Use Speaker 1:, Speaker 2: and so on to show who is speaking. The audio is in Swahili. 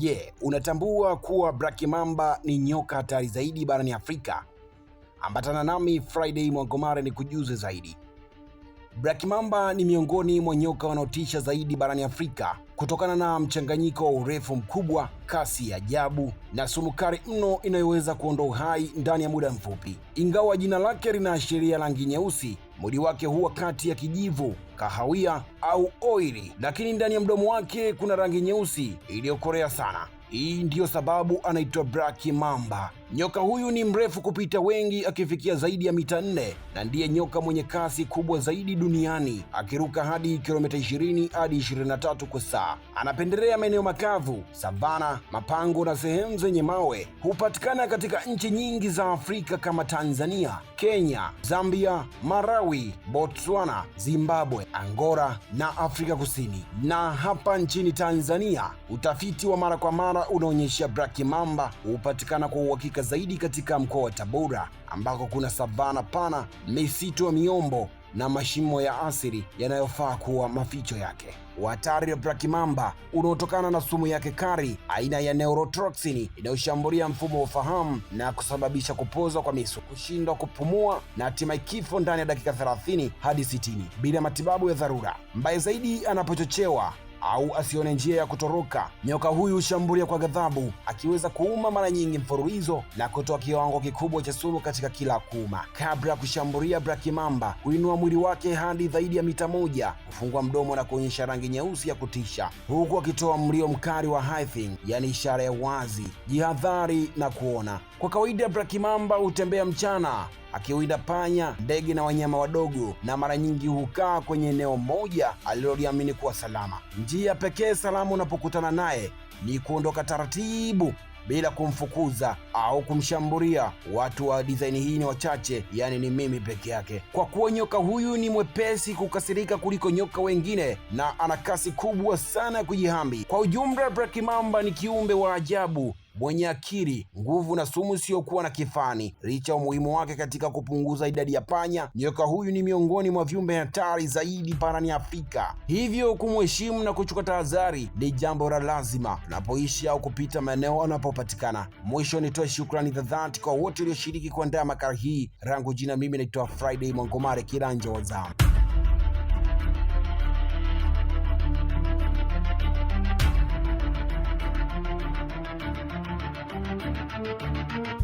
Speaker 1: Je, yeah, unatambua kuwa Black Mamba ni nyoka hatari zaidi barani Afrika? Ambatana nami Friday Mwangomare ni kujuze zaidi. Black Mamba ni miongoni mwa nyoka wanaotisha zaidi barani Afrika kutokana na mchanganyiko wa urefu mkubwa, kasi ya ajabu na sumu kali mno inayoweza kuondoa uhai ndani ya muda mfupi. Ingawa jina lake linaashiria rangi nyeusi, Mwili wake huwa kati ya kijivu, kahawia au oili, lakini ndani ya mdomo wake kuna rangi nyeusi iliyokorea sana. Hii ndiyo sababu anaitwa Black Mamba. Nyoka huyu ni mrefu kupita wengi akifikia zaidi ya mita nne na ndiye nyoka mwenye kasi kubwa zaidi duniani akiruka hadi kilomita 20 hadi 23 kwa saa. Anapendelea maeneo makavu, savana, mapango na sehemu zenye mawe. Hupatikana katika nchi nyingi za Afrika kama Tanzania, Kenya, Zambia, Marawi, Botswana, Zimbabwe, Angola na Afrika Kusini. Na hapa nchini Tanzania, utafiti wa mara kwa mara unaonyesha Black Mamba hupatikana kwa uhakika hutumika zaidi katika mkoa wa Tabora ambako kuna savana pana, misitu ya miombo na mashimo ya asili yanayofaa kuwa maficho yake. Uhatari wa brakimamba unaotokana na sumu yake kali aina ya neurotoxin inayoshambulia mfumo wa ufahamu na kusababisha kupoza kwa misuli, kushindwa kupumua na hatimaye kifo ndani ya dakika 30 hadi 60 bila matibabu ya dharura. Mbaya zaidi, anapochochewa au asione njia ya kutoroka. Nyoka huyu hushambulia kwa ghadhabu, akiweza kuuma mara nyingi mfululizo na kutoa kiwango kikubwa cha sumu katika kila kuma. Kabla ya kushambulia, brakimamba huinua mwili wake hadi zaidi ya mita moja, kufungua mdomo na kuonyesha rangi nyeusi ya kutisha, huku akitoa mlio mkali wa hissing, yani ishara ya wazi, jihadhari na kuona. Kwa kawaida, brakimamba hutembea mchana akiwinda panya, ndege na wanyama wadogo, na mara nyingi hukaa kwenye eneo moja aliloliamini kuwa salama. Njia pekee salama unapokutana naye ni kuondoka taratibu bila kumfukuza au kumshambulia. Watu wa dizaini hii ni wachache, yaani ni mimi peke yake. Kwa kuwa nyoka huyu ni mwepesi kukasirika kuliko nyoka wengine na ana kasi kubwa sana ya kujihami. Kwa ujumla, Black Mamba ni kiumbe wa ajabu mwenye akili, nguvu na sumu isiyokuwa na kifani. Licha umuhimu wake katika kupunguza idadi ya panya, nyoka huyu ni miongoni mwa viumbe hatari zaidi barani Afrika, hivyo kumheshimu na kuchukua tahadhari ni jambo la lazima unapoishi au kupita maeneo anapopatikana. Mwisho nitoe shukrani za dhati kwa wote walioshiriki kuandaa makala hii. Rangu jina mimi naitwa Friday Mwangomare Kiranja wa zamu. Thank you.